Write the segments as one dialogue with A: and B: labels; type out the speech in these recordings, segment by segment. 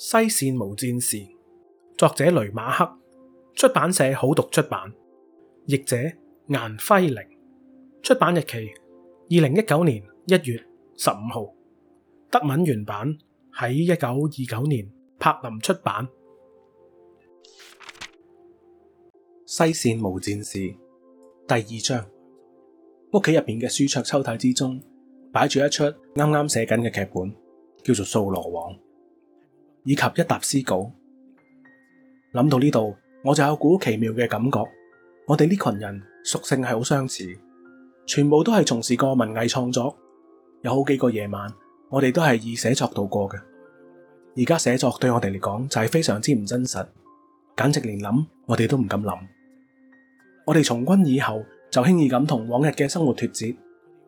A: 《西線無戰事》，作者雷馬克，出版社好讀出版，譯者顏徽玲，出版日期二零一九年一月十五號。德文原版喺一九二九年柏林出版。《西線無戰事》第二章，屋企入邊嘅書桌抽屜之中擺住一出啱啱寫緊嘅劇本，叫做《掃羅王》。以及一沓詩稿，諗到呢度我就有股奇妙嘅感覺，我哋呢群人屬性係好相似，全部都係從事過文藝創作，有好幾個夜晚我哋都係以寫作度過嘅。而家寫作對我哋嚟講就係非常之唔真實，簡直連諗我哋都唔敢諗。我哋從軍以後就輕易咁同往日嘅生活脫節，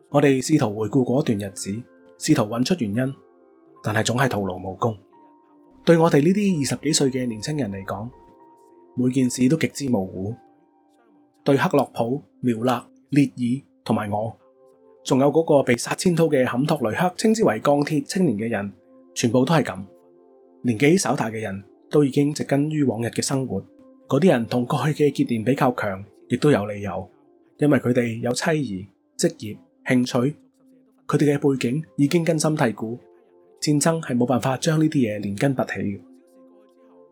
A: 我哋試圖回顧一段日子，試圖揾出原因，但係總係徒勞無功。對我哋呢啲二十幾歲嘅年青人嚟講，每件事都極之模糊。對克洛普、苗勒、列爾同埋我，仲有嗰個被殺千刀嘅坎托雷克，稱之為鋼鐵青年嘅人，全部都係咁。年紀稍大嘅人，都已經植根於往日嘅生活。嗰啲人同過去嘅結連比較強，亦都有理由，因為佢哋有妻兒、職業、興趣，佢哋嘅背景已經根深蒂固。戰爭係冇辦法將呢啲嘢連根拔起嘅。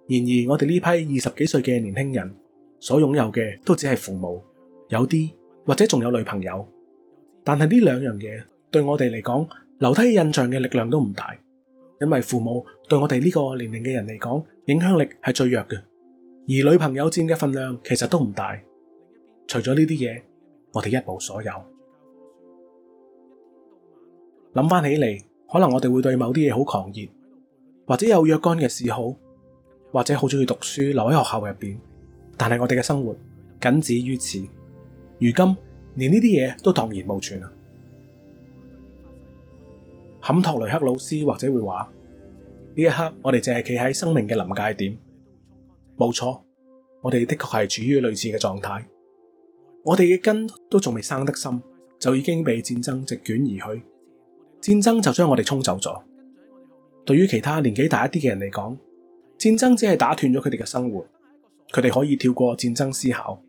A: 然而，我哋呢批二十幾歲嘅年輕人所擁有嘅都只係父母，有啲或者仲有女朋友。但係呢兩樣嘢對我哋嚟講，留低印象嘅力量都唔大，因為父母對我哋呢個年齡嘅人嚟講，影響力係最弱嘅。而女朋友佔嘅份量其實都唔大。除咗呢啲嘢，我哋一無所有。諗翻起嚟。可能我哋會對某啲嘢好狂熱，或者有若干嘅嗜好，或者好中意讀書，留喺學校入邊。但係我哋嘅生活僅止於此。如今連呢啲嘢都蕩然無存啦。坎托雷克老師或者會話：呢一刻我哋淨係企喺生命嘅臨界點。冇錯，我哋的確係處於類似嘅狀態。我哋嘅根都仲未生得深，就已經被戰爭席捲而去。戰爭就將我哋沖走咗。對於其他年紀大一啲嘅人嚟講，戰爭只係打斷咗佢哋嘅生活，佢哋可以跳過戰爭思考。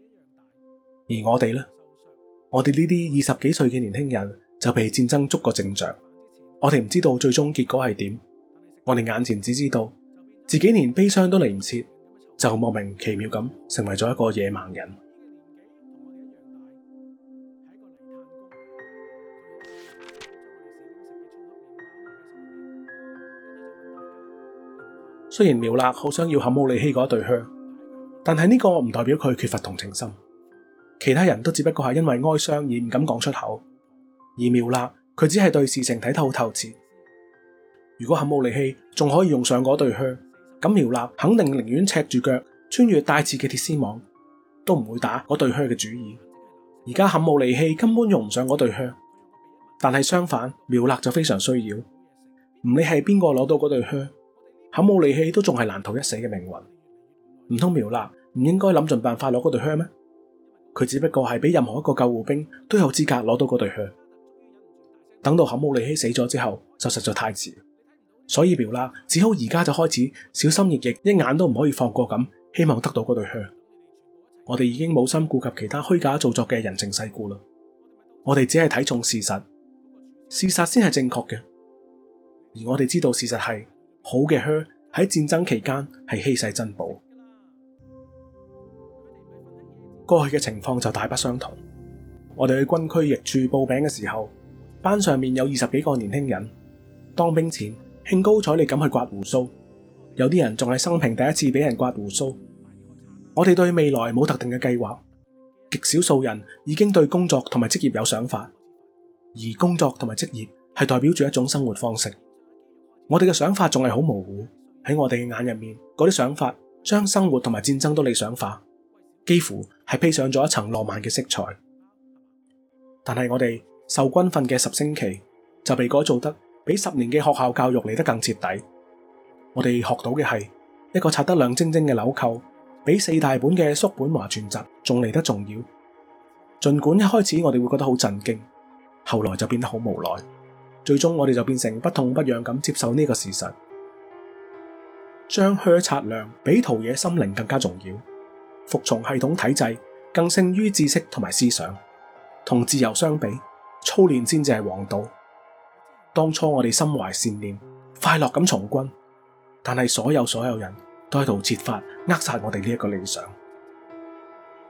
A: 而我哋呢，我哋呢啲二十幾歲嘅年輕人就被戰爭捉個正着，我哋唔知道最終結果係點，我哋眼前只知道自己連悲傷都嚟唔切，就莫名其妙咁成為咗一個野蠻人。雖然苗勒好想要冚冇利希嗰對靴，但係呢個唔代表佢缺乏同情心。其他人都只不過係因為哀傷而唔敢講出口，而苗勒佢只係對事情睇得好透徹。如果冚冇利希仲可以用上嗰對靴，咁苗勒肯定寧願赤住腳穿越帶刺嘅鐵絲網，都唔會打嗰對靴嘅主意。而家冚冇利希根本用唔上嗰對靴，但係相反，苗勒就非常需要。唔理係邊個攞到嗰對靴，肯姆利希都仲係難逃一死嘅命運，唔通苗娜唔應該諗盡辦法攞嗰對靴咩？佢只不過係俾任何一個救護兵都有資格攞到嗰對靴。等到肯姆利希死咗之後，就實在太遲，所以苗娜只好而家就開始小心翼翼，一眼都唔可以放過咁，希望得到嗰對靴。我哋已經冇心顧及其他虛假造作嘅人情世故啦，我哋只係睇重事實，事實先係正確嘅，而我哋知道事實係。好嘅靴喺戰爭期間係稀世珍寶。過去嘅情況就大不相同。我哋去軍區役處報名嘅時候，班上面有二十幾個年輕人。當兵前興高采烈咁去刮鬍鬚，有啲人仲係生平第一次俾人刮鬍鬚。我哋對未來冇特定嘅計劃，極少數人已經對工作同埋職業有想法，而工作同埋職業係代表住一種生活方式。我哋嘅想法仲係好模糊，喺我哋嘅眼入面，嗰啲想法將生活同埋戰爭都理想化，幾乎係披上咗一層浪漫嘅色彩。但係我哋受軍訓嘅十星期，就被改造得比十年嘅學校教育嚟得更徹底。我哋學到嘅係一個擦得亮晶晶嘅紐扣，比四大本嘅叔本華全集仲嚟得重要。儘管一開始我哋會覺得好震驚，後來就變得好無奈。最終我哋就變成不痛不癢咁接受呢個事實，將靴擦亮比陶冶心靈更加重要。服從系統體制更勝於知識同埋思想，同自由相比，操練先至係王道。當初我哋心懷善念，快樂咁從軍，但係所有所有人都喺度設法扼殺我哋呢一個理想。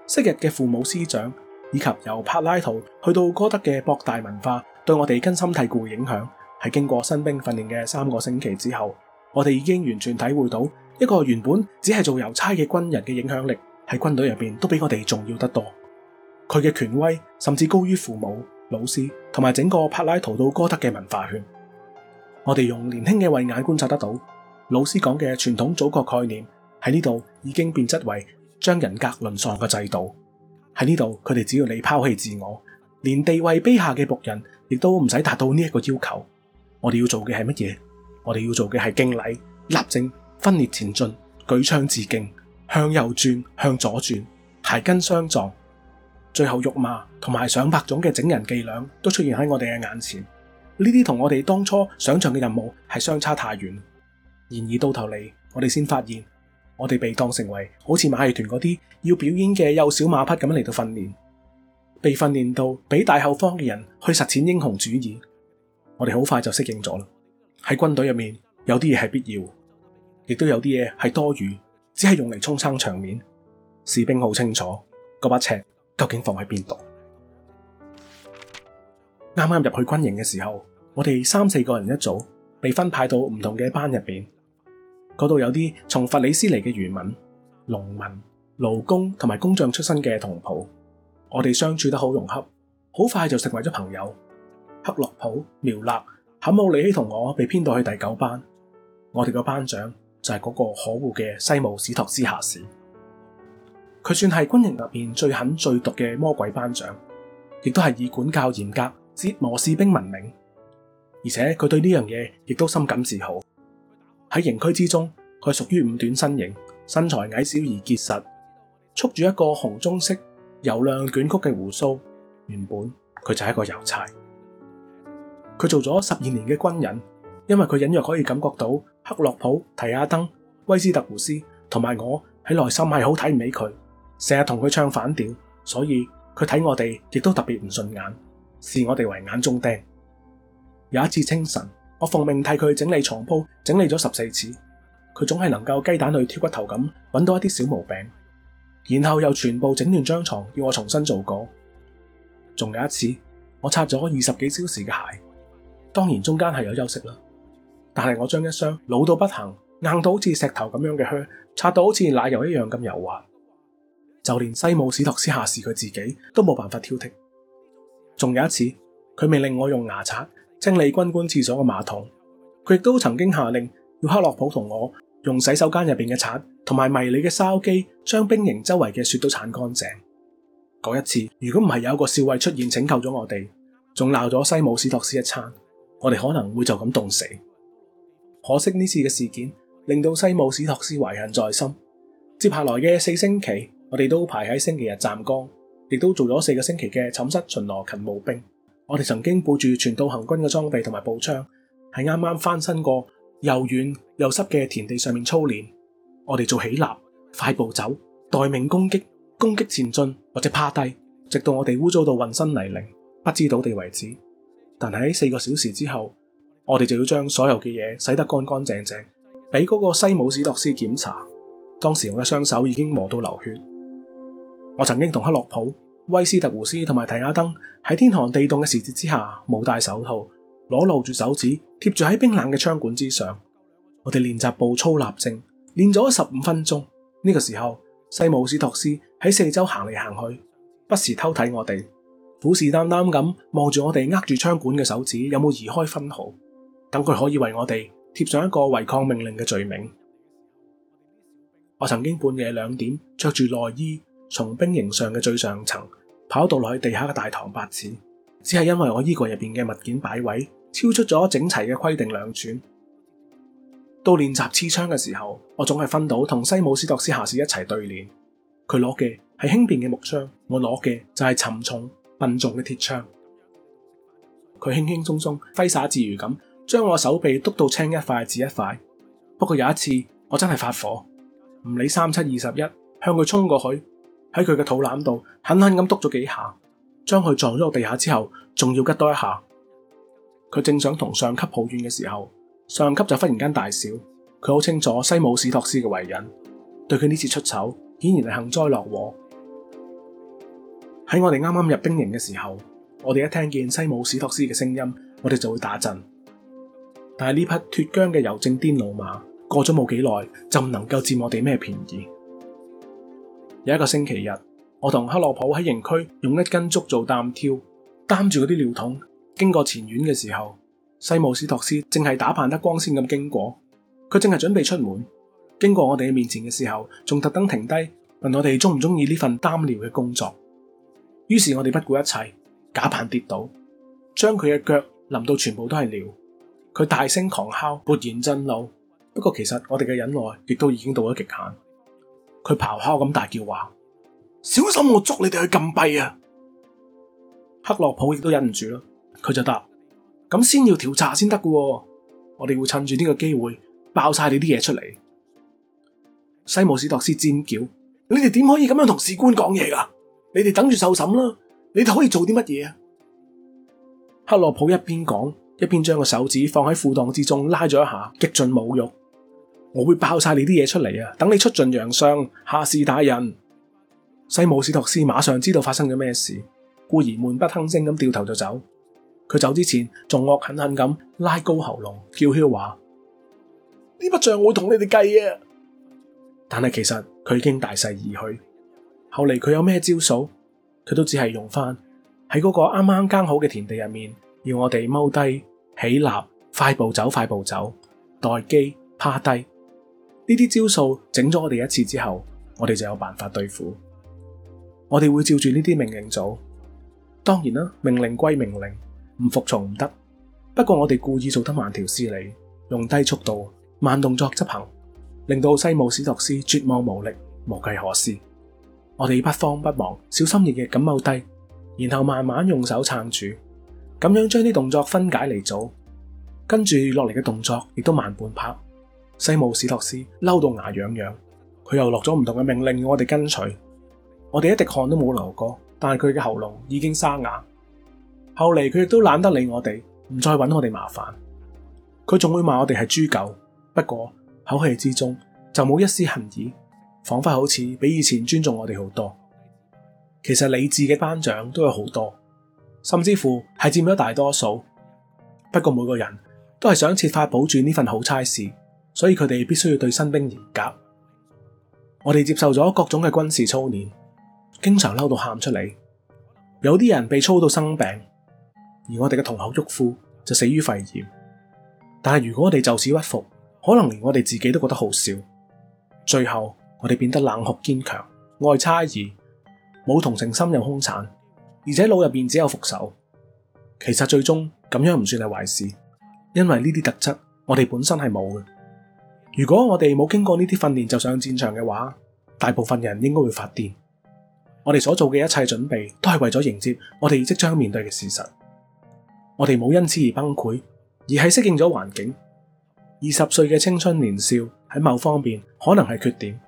A: 昔日嘅父母師長，以及由柏拉圖去到哥德嘅博大文化。對我哋根深蒂固嘅影響，喺經過新兵訓練嘅三個星期之後，我哋已經完全體會到一個原本只係做郵差嘅軍人嘅影響力，喺軍隊入邊都比我哋重要得多。佢嘅權威甚至高於父母、老師同埋整個柏拉圖到哥德嘅文化圈。我哋用年輕嘅慧眼觀察得到，老師講嘅傳統祖國概念喺呢度已經變質為將人格淪喪嘅制度。喺呢度，佢哋只要你拋棄自我，連地位卑下嘅僕人。亦都唔使達到呢一個要求，我們要，我哋要做嘅係乜嘢？我哋要做嘅係敬禮、立正、分裂前進、舉槍致敬、向右轉、向左轉、鞋跟相撞，最後辱罵，同埋上百種嘅整人伎倆都出現喺我哋嘅眼前。呢啲同我哋當初想象嘅任務係相差太遠。然而到頭嚟，我哋先發現我哋被當成為好似馬戲團嗰啲要表演嘅幼小馬匹咁樣嚟到訓練。被訓練到俾大後方嘅人去實踐英雄主義，我哋好快就適應咗啦。喺軍隊入面，有啲嘢係必要，亦都有啲嘢係多餘，只係用嚟充撐場面。士兵好清楚嗰把尺究竟放喺邊度。啱啱入去軍營嘅時候，我哋三四個人一組，被分派到唔同嘅班入面。嗰度有啲從佛里斯嚟嘅漁民、農民、勞工同埋工匠出身嘅同袍，我哋相處得好融洽，好快就成為咗朋友。克洛普、苗勒、坎姆里希同我被編到去第九班。我哋個班長就係嗰個可惡嘅西姆史托斯下士，佢算係軍營入面最狠最毒嘅魔鬼班長，亦都係以管教嚴格折磨士兵聞名。而且佢對呢樣嘢亦都深感自豪。喺營區之中，佢屬於五短身形，身材矮小而結實，束住一個紅棕色，油亮捲曲嘅鬍鬚，原本佢就係一個郵差。佢做咗十二年嘅軍人，因為佢隱約可以感覺到克洛普、提亞登、威斯特胡斯同埋我喺內心係好睇唔起佢，成日同佢唱反調，所以佢睇我哋亦都特別唔順眼，視我哋為眼中釘。有一次清晨，我奉命替佢整理床鋪，整理咗十四次，佢總係能夠雞蛋去挑骨頭咁揾到一啲小毛病。然後又全部整亂張床，要我重新做過。仲有一次，我擦咗二十幾小時嘅鞋，當然中間係有休息啦。但係我將一雙老到不行、硬到好似石頭咁樣嘅靴，擦到好似奶油一樣咁柔滑，就連西姆史托斯下士佢自己都冇辦法挑剔。仲有一次，佢命令我用牙刷清理軍官廁所嘅馬桶。佢亦都曾經下令要克洛普同我。用洗手間入邊嘅刷同埋迷你嘅筲箕，將兵營周圍嘅雪都鏟乾淨。嗰一次，如果唔係有個少尉出現拯救咗我哋，仲鬧咗西姆士托斯一餐，我哋可能會就咁凍死。可惜呢次嘅事件令到西姆士托斯懷恨在心。接下來嘅四星期，我哋都排喺星期日站崗，亦都做咗四個星期嘅寢室巡邏勤務兵。我哋曾經背住全套行軍嘅裝備同埋步槍，係啱啱翻新過，.又軟又濕嘅田地上面操練，我哋做起立、快步走、待命攻擊、攻擊前進或者趴低，直到我哋污糟到渾身泥濘，不知倒地為止。但喺四個小時之後，我哋就要將所有嘅嘢洗得乾乾淨淨，俾嗰個西姆斯洛斯檢查。當時我嘅雙手已經磨到流血。我曾經同克洛普、威斯特胡斯同埋提亞登喺天寒地凍嘅時節之下冇戴手套。裸露住手指貼住喺冰冷嘅槍管之上，我哋練習步操立正，練咗十五分鐘。呢個時候，西姆斯托斯喺四周行嚟行去，不時偷睇我哋，虎視眈眈咁望住我哋握住槍管嘅手指有冇移開分毫，等佢可以為我哋貼上一個違抗命令嘅罪名。我曾經半夜兩點着住內衣，從兵營上嘅最上層跑到落去地下嘅大堂八次，只係因為我衣櫃入邊嘅物件擺位超出咗整齊嘅規定兩寸。到練習刺槍嘅時候，我總係分到同西姆斯托斯下士一齊對練。佢攞嘅係輕便嘅木槍，我攞嘅就係沉重笨重嘅鐵槍。佢輕輕鬆鬆揮灑自如咁，將我手臂督到青一塊紫一塊。不過有一次，我真係發火，唔理三七二十一，向佢衝過去，喺佢嘅肚腩度狠狠咁督咗幾下，將佢撞咗落地下之後，仲要吉多一下。佢正想同上級抱怨嘅時候，上級就忽然間大笑。佢好清楚西姆史托斯嘅為人，對佢呢次出醜，顯然係幸災樂禍。喺我哋啱啱入兵營嘅時候，我哋一聽見西姆史托斯嘅聲音，我哋就會打震。但係呢匹脫繮嘅郵政癲老馬，過咗冇幾耐，就唔能夠佔我哋咩便宜。有一個星期日，我同克洛普喺營區用一根竹做擔挑，擔住嗰啲尿桶。經過前院嘅時候，西姆斯托斯正係打扮得光鮮咁經過，佢正係準備出門。經過我哋嘅面前嘅時候，仲特登停低問我哋中唔中意呢份擔尿嘅工作。於是我哋不顧一切，假扮跌倒，將佢嘅腳淋到全部都係尿。佢大聲狂哮，勃然震怒。不過其實我哋嘅忍耐亦都已經到咗極限。佢咆哮咁大叫話：小心我捉你哋去禁閉啊！克洛普亦都忍唔住佢就答：咁先要調查先得嘅。我哋會趁住呢個機會爆晒你啲嘢出嚟。西姆斯托斯尖叫：你哋點可以咁樣同士官講嘢噶？你哋等住受審啦，你哋可以做啲乜嘢啊？克洛普一邊講一邊將個手指放喺褲檔之中，拉咗一下，極盡侮辱。我會爆晒你啲嘢出嚟啊！等你出盡洋相，下士打人。西姆斯托斯馬上知道發生咗咩事，故而悶不吭聲咁掉頭就走。佢走之前仲惡狠狠咁拉高喉嚨叫囂話：呢筆賬我同你哋計啊！但係其實佢已經大勢而去。後嚟佢有咩招數，佢都只係用翻喺嗰個啱啱耕好嘅田地入面，要我哋踎低、起立、快步走、快步走、待機、趴低呢啲招數，整咗我哋一次之後，我哋就有辦法對付。我哋會照住呢啲命令做，當然啦，命令歸命令。唔服從唔得，不過我哋故意做得慢條斯理，用低速度、慢動作執行，令到西姆史托斯絕望無力，無計可施。我哋不慌不忙，小心翼翼咁踎低，然後慢慢用手撐住，咁樣將啲動作分解嚟做，跟住落嚟嘅動作亦都慢半拍。西姆史托斯嬲到牙癢癢，佢又落咗唔同嘅命令我哋跟隨，我哋一滴汗都冇流過，但係佢嘅喉嚨已經沙啞。後嚟佢亦都懶得理我哋，唔再搵我哋麻煩。佢仲會罵我哋係豬狗，不過口氣之中就冇一絲恨意，仿佛好似比以前尊重我哋好多。其實理智嘅班長都有好多，甚至乎係佔咗大多數。不過每個人都係想設法保住呢份好差事，所以佢哋必須要對新兵嚴格。我哋接受咗各種嘅軍事操練，經常嬲到喊出嚟。有啲人被操到生病。而我哋嘅同學郁夫就死於肺炎。但係如果我哋就此屈服，可能連我哋自己都覺得好笑。最後我哋變得冷酷堅強，愛猜疑，冇同情心又兇殘，而且腦入邊只有復仇。其實最終咁樣唔算係壞事，因為呢啲特質我哋本身係冇嘅。如果我哋冇經過呢啲訓練就上戰場嘅話，大部分人應該會發癲。我哋所做嘅一切準備都係為咗迎接我哋即將面對嘅事實。我哋冇因此而崩潰，而係適應咗環境。二十歲嘅青春年少喺某方面可能係缺點，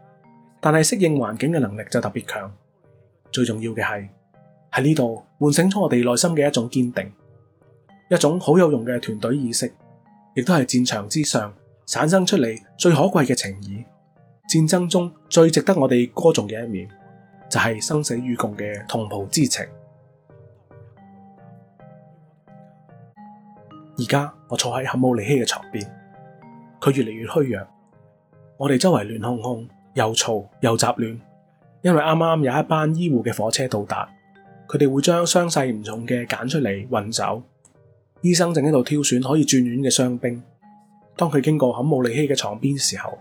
A: 但係適應環境嘅能力就特別強。最重要嘅係喺呢度喚醒咗我哋內心嘅一種堅定，一種好有用嘅團隊意識，亦都係戰場之上產生出嚟最可貴嘅情誼。戰爭中最值得我哋歌頌嘅一面，就係生死與共嘅同袍之情。而家我坐喺坎姆利希嘅床邊，佢越嚟越虛弱。我哋周圍亂哄哄，又嘈又雜亂，因為啱啱有一班醫護嘅火車到達，佢哋會將傷勢唔重嘅揀出嚟運走。醫生正喺度挑選可以轉院嘅傷兵。當佢經過坎姆利希嘅床邊時候，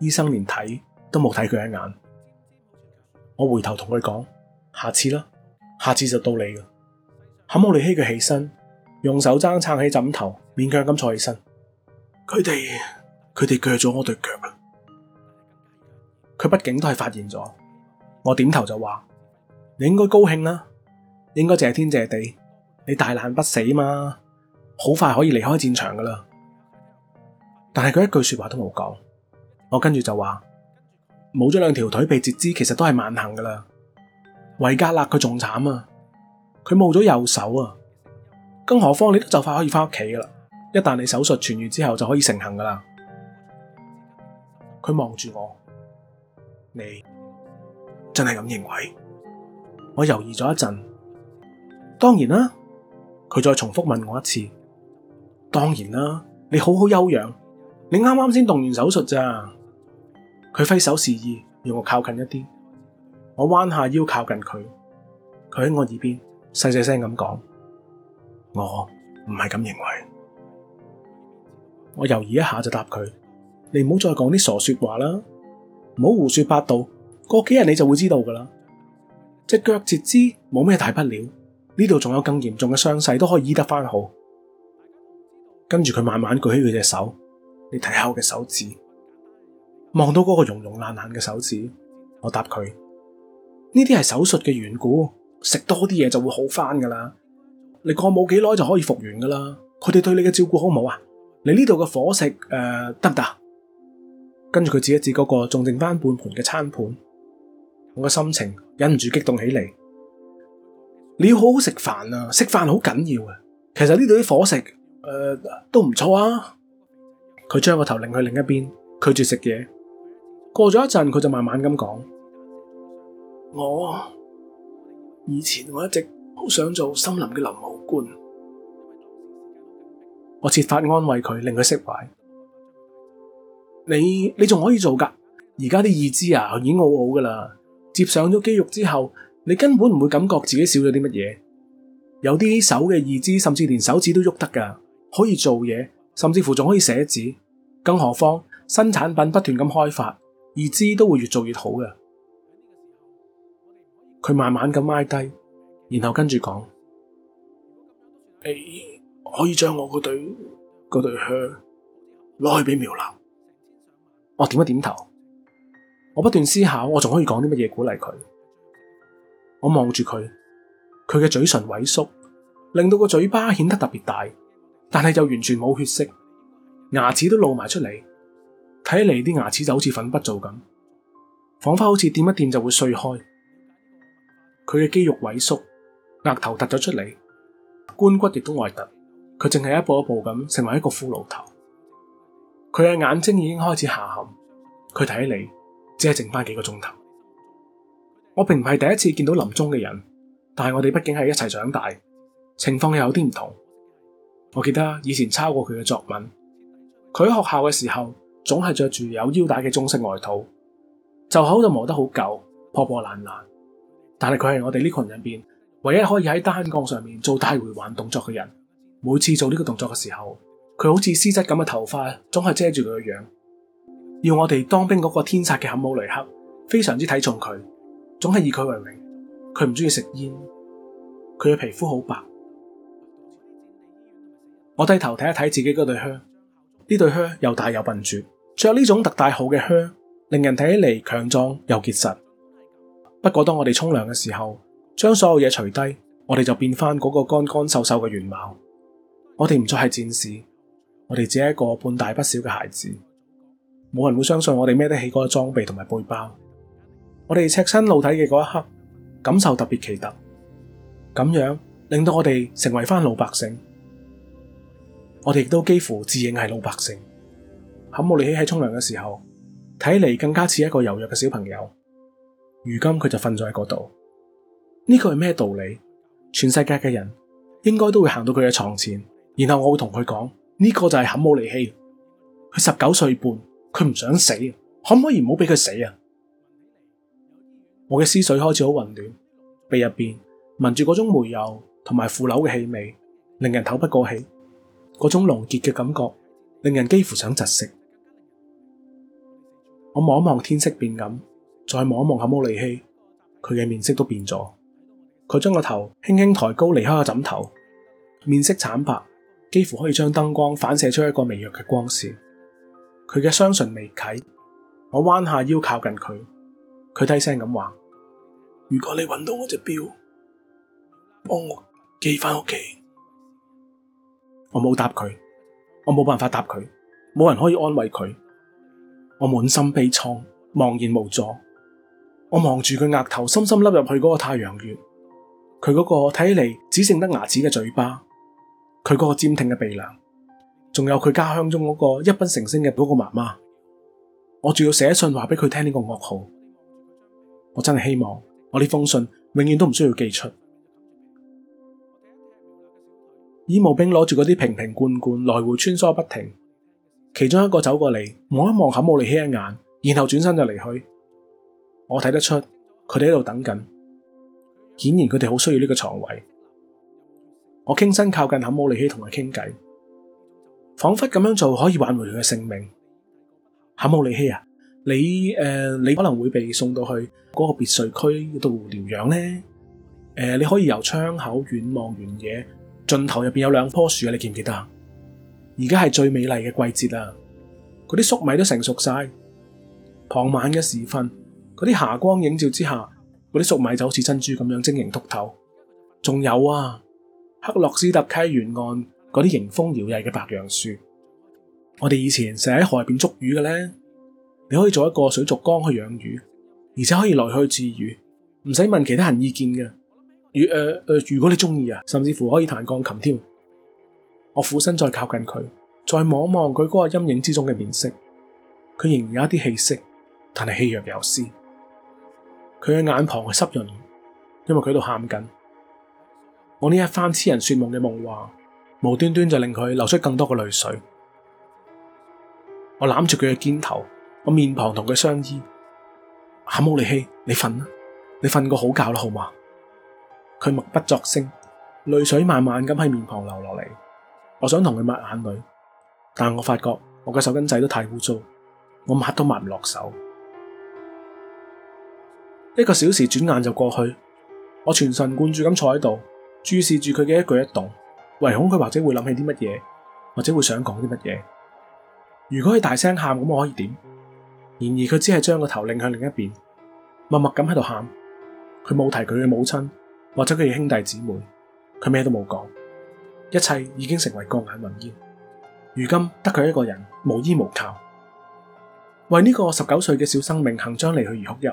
A: 醫生連睇都冇睇佢一眼。我回頭同佢講：下次啦，下次就到你喇。坎姆利希佢起身。用手踭撐起枕頭，勉強咁坐起身。佢哋，佢哋鋸咗我對腳啦。佢畢竟都係發現咗，我點頭就話：你應該高興啦，應該謝天謝地，你大難不死嘛，好快可以離開戰場噶啦。但係佢一句說話都冇講，我跟住就話：冇咗兩條腿被截肢，其實都係萬幸噶啦。維加納佢仲慘啊，佢冇咗右手啊。更何況你都就快可以翻屋企噶啦，一旦你手術痊愈之後就可以成行噶啦。佢望住我，你真係咁認為？我猶豫咗一陣，當然啦。佢再重複問我一次，當然啦。你好好休養，你啱啱先動完手術咋？佢揮手示意要我靠近一啲，我彎下腰靠近佢，佢喺我耳邊細細聲咁講。我唔係咁認為，我猶豫一下就答佢：你唔好再講啲傻說話啦，唔好胡說八道。過幾日你就會知道噶啦。隻腳截肢冇咩大不了，呢度仲有更嚴重嘅傷勢都可以醫得翻好。跟住佢慢慢舉起佢隻手，你睇下我嘅手指。望到嗰個融融爛爛嘅手指我，我答佢：呢啲係手術嘅緣故，食多啲嘢，就會好翻噶啦。你過冇幾耐就可以復原噶啦，佢哋對你嘅照顧好唔好啊？你呢度嘅伙食誒得唔得？跟住佢指一指嗰個仲剩翻半盤嘅餐盤，我嘅心情忍唔住激動起嚟。你要好好食飯啊，食飯好緊要啊。其實呢度啲伙食誒、呃、都唔錯啊。佢將個頭擰去另一邊，拒絕食嘢。過咗一陣，佢就慢慢咁講：我以前我一直。都想做森林嘅林務官，我設法安慰佢，令佢釋懷。你你仲可以做噶，而家啲義肢啊已經好好噶啦。接上咗肌肉之後，你根本唔會感覺自己少咗啲乜嘢。有啲手嘅義肢，甚至連手指都喐得噶，可以做嘢，甚至乎仲可以寫字。更何況新產品不斷咁開發，義肢都會越做越好嘅。佢慢慢咁拉低。然後跟住講，你可以將我個對個對靴攞去俾苗男。我點一點頭。我不斷思考我，我仲可以講啲乜嘢鼓勵佢。我望住佢，佢嘅嘴唇萎縮，令到個嘴巴顯得特別大，但係又完全冇血色，牙齒都露埋出嚟，睇嚟啲牙齒就好似粉筆做咁，仿佛好似掂一掂就會碎開。佢嘅肌肉萎縮。額頭突咗出嚟，顴骨亦都外突，佢淨係一步一步咁成為一個骷髏頭。佢嘅眼睛已經開始下陷，佢睇起嚟只係剩翻幾個鐘頭。我並唔係第一次見到臨終嘅人，但係我哋畢竟係一齊長大，情況又有啲唔同。我記得以前抄過佢嘅作文，佢喺學校嘅時候總係着住有腰帶嘅中式外套，袖口就磨得好舊，破破爛爛。但係佢係我哋呢群人入面唯一可以喺單槓上面做大回環動作嘅人，每次做呢個動作嘅時候，佢好似絲質咁嘅頭髮，總係遮住佢嘅樣。要我哋當兵嗰個天殺嘅坎姆雷克，非常之睇重佢，總係以佢為榮。佢唔中意食煙，佢嘅皮膚好白。我低頭睇一睇自己嗰對靴，呢對靴又大又笨拙，着呢種特大號嘅靴，令人睇起嚟強壯又結實。不過當我哋沖涼嘅時候，將所有嘢除低，我哋就變翻嗰個乾乾瘦瘦嘅原貌。我哋唔再係戰士，我哋只係一個半大不小嘅孩子。冇人會相信我哋孭得起嗰個裝備同埋背包。我哋赤身露體嘅嗰一刻，感受特別奇特。咁樣令到我哋成為翻老百姓，我哋亦都幾乎自認係老百姓。冚冇力氣喺沖涼嘅時候，睇嚟更加似一個柔弱嘅小朋友。如今佢就瞓咗喺嗰度。呢個係咩道理？全世界嘅人應該都會行到佢嘅床前，然後我會同佢講：呢個就係坎姆尼希。佢十九歲半，佢唔想死，可唔可以唔好俾佢死啊？我嘅思緒開始好混亂，鼻入邊聞住嗰種煤油同埋腐朽嘅氣味，令人透不過氣。嗰種濃稠嘅感覺，令人幾乎想窒息。我望一望天色變咁，再望一望坎姆尼希，佢嘅面色都變咗。佢將個頭輕輕抬高，離開個枕頭，面色慘白，幾乎可以將燈光反射出一個微弱嘅光線。佢嘅雙唇微啟，我彎下腰靠近佢，佢低聲咁話：如果你搵到我隻表，幫我寄翻屋企。我冇答佢，我冇辦法答佢，冇人可以安慰佢，我滿心悲愴，茫然無助。我望住佢額頭深深凹入去嗰個太陽穴。佢嗰個睇起嚟只剩得牙齒嘅嘴巴，佢嗰個尖挺嘅鼻樑，仲有佢家鄉中嗰個泣不成聲嘅嗰個媽媽，我仲要寫信話俾佢聽呢個噩耗。我真係希望我呢封信永遠都唔需要寄出。醫務兵攞住嗰啲瓶瓶罐罐來回穿梭不停，其中一個走過嚟望一望肯慕利希一眼，然後轉身就離去。我睇得出佢哋喺度等緊。顯然佢哋好需要呢個床位。我傾身靠近坎姆里希，同佢傾偈，仿佛咁樣做可以挽回佢嘅性命。坎姆里希啊，你誒、呃，你可能會被送到去嗰個別墅區度療養呢。誒、呃，你可以由窗口遠望原野盡頭入邊有兩棵樹啊，你記唔記得？而家係最美麗嘅季節啊，嗰啲粟米都成熟晒。傍晚嘅時分，嗰啲霞光映照之下，嗰啲粟米就好似珍珠咁樣晶瑩剔透，仲有啊，克洛斯特溪沿岸嗰啲迎風搖曳嘅白楊樹，我哋以前成日喺河邊捉魚嘅咧，你可以做一個水族缸去養魚，而且可以來去自如，唔使問其他人意見嘅。如誒誒、呃呃，如果你中意啊，甚至乎可以彈鋼琴添。我俯身再靠近佢，再望望佢嗰個陰影之中嘅面色，佢仍然有一啲氣息，但係氣若游絲。佢嘅眼旁係濕潤，因為佢度喊緊。我呢一番痴人說夢嘅夢話，無端端就令佢流出更多嘅淚水。我攬住佢嘅肩頭，我面龐同佢相依。阿姆里希，你瞓啦，你瞓個好覺啦，好嘛？佢默不作聲，淚水慢慢咁喺面龐流落嚟。我想同佢抹眼淚，但我發覺我嘅手巾仔都太污糟，我抹都抹唔落手。一個小時轉眼就過去，我全神貫注咁坐喺度，注視住佢嘅一舉一動，唯恐佢或者會諗起啲乜嘢，或者會想講啲乜嘢。如果佢大聲喊，咁我可以點？然而佢只係將個頭擰向另一邊，默默咁喺度喊。佢冇提佢嘅母親，或者佢嘅兄弟姊妹，佢咩都冇講。一切已經成為過眼雲煙。如今得佢一個人，無依無靠，為呢個十九歲嘅小生命行將，行將離去而哭泣。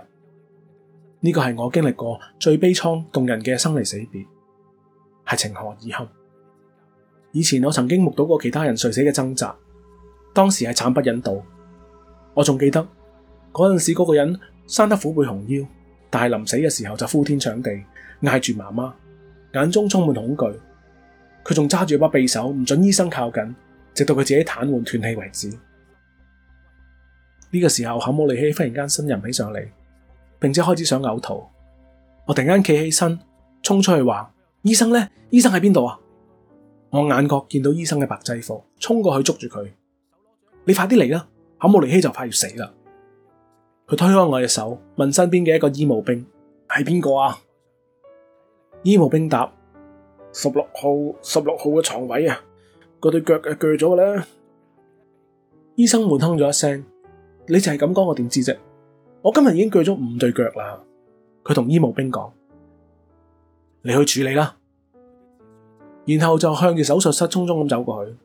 A: 呢個係我經歷過最悲愴動人嘅生離死別，係情何以堪？以前我曾經目睹過其他人垂死嘅掙扎，當時係慘不忍睹。我仲記得嗰陣時嗰個人生得虎背熊腰，但係臨死嘅時候就呼天搶地，嗌住媽媽，眼中充滿恐懼。佢仲揸住把匕首，唔准醫生靠近，直到佢自己癱瘓斷氣為止。呢個時候，坎姆利希忽然間呻吟起上嚟。並且開始想嘔吐，我突然間企起身，衝出去話：醫生咧，醫生喺邊度啊？我眼角見到醫生嘅白制服，衝過去捉住佢：你快啲嚟啦，肯慕尼希就快要死啦！佢推開我嘅手，問身邊嘅一個醫務兵：係邊個啊？醫務兵答：十六號，十六號嘅床位啊，嗰對腳嘅鋸咗嘅啦。醫生悶哼咗一聲：你就係咁講，我點知啫？我今日已經鋸咗五對腳啦，佢同醫務兵講：「你去處理啦！」然後就向住手術室匆匆咁走過去。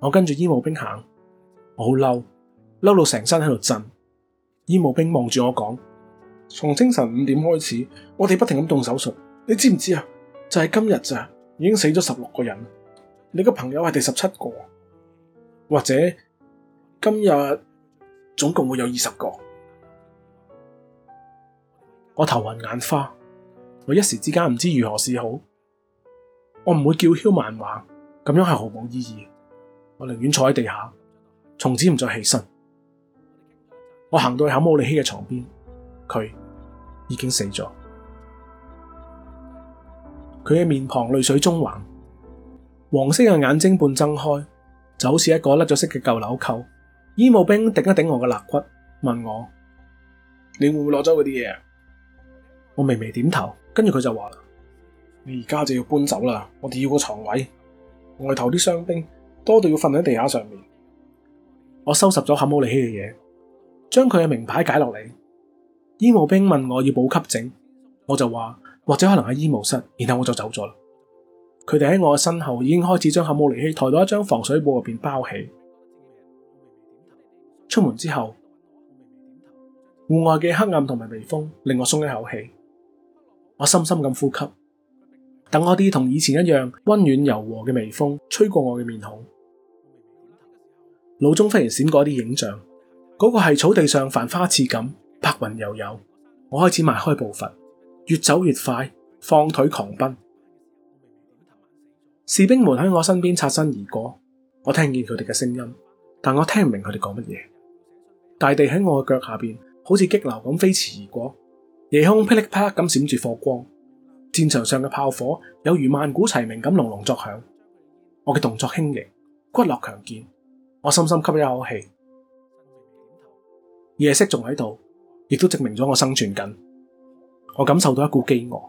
A: 我跟住醫務兵行，我好嬲，嬲到成身喺度震。醫務兵望住我講：「從清晨五點開始，我哋不停咁動手術，你知唔知啊？就係、是、今日咋，已經死咗十六個人，你個朋友係第十七個，或者今日總共會有二十個。」我頭暈眼花，我一時之間唔知如何是好。我唔會叫囂漫話，咁樣係毫無意義。我寧願坐喺地下，從此唔再起身。我行到去肯姆里希嘅床邊，佢已經死咗。佢嘅面龐淚水中橫，黃色嘅眼睛半睜開，就好似一個甩咗色嘅舊紐扣。醫務兵頂一頂我嘅肋骨，問我：「你會唔會攞走嗰啲嘢？」我微微點頭，跟住佢就話：你而家就要搬走啦，我哋要個床位，外頭啲傷兵多到要瞓喺地下上面。我收拾咗冚冇利希嘅嘢，將佢嘅名牌解落嚟。醫務兵問我要補給證，我就話或者可能喺醫務室，然後我就走咗啦。佢哋喺我嘅身後已經開始將冚冇利希抬到一張防水布入邊包起。出門之後，戶外嘅黑暗同埋微風令我鬆一口氣。我深深咁呼吸，等我啲同以前一樣溫暖柔，柔和嘅微風吹過我嘅面孔。腦中忽然閃過一啲影像，嗰、嗰個係草地上繁花似錦，白雲悠悠。我開始邁開步伐，越走越快，放腿狂奔。士兵們喺我身邊擦身而過，我聽見佢哋嘅聲音，但我聽唔明佢哋講乜嘢。大地喺我嘅腳下邊，好似激流咁飛馳而過。夜空噼靂啪啦咁閃住火光，戰場上嘅炮火有如萬古齊鳴咁隆隆作響。我嘅動作輕盈，骨骼強健。我深深吸一口氣，夜色仲喺度，亦都證明咗我生存緊。我感受到一股飢餓，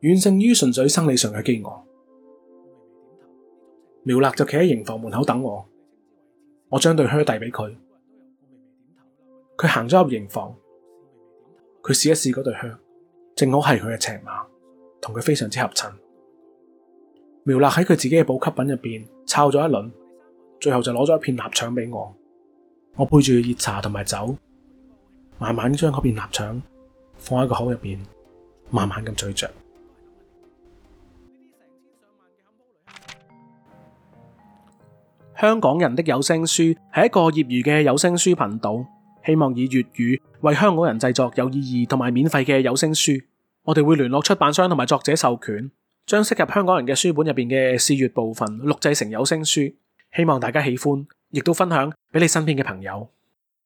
A: 遠勝於純粹生理上嘅飢餓。繆勒就企喺營房門口等我，我將對靴遞俾佢，佢行咗入營房。佢試一試嗰對靴，正好係佢嘅尺碼，同佢非常之合襯。苗栗喺佢自己嘅補給品入邊抄咗一輪，最後就攞咗一片臘腸俾我。我配住熱茶同埋酒，慢慢將嗰片臘腸放喺個口入邊，慢慢咁咀嚼。香港人的有聲書係一個業餘嘅有聲書頻道。希望以粵語為香港人製作有意義同埋免費嘅有聲書。我哋會聯絡出版商同埋作者授權，將適合香港人嘅書本入邊嘅試閱部分錄製成有聲書。希望大家喜歡，亦都分享俾你身邊嘅朋友。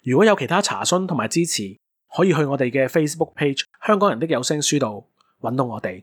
A: 如果有其他查詢同埋支持，可以去我哋嘅 Facebook Page《香港人的有聲書》度揾到我哋。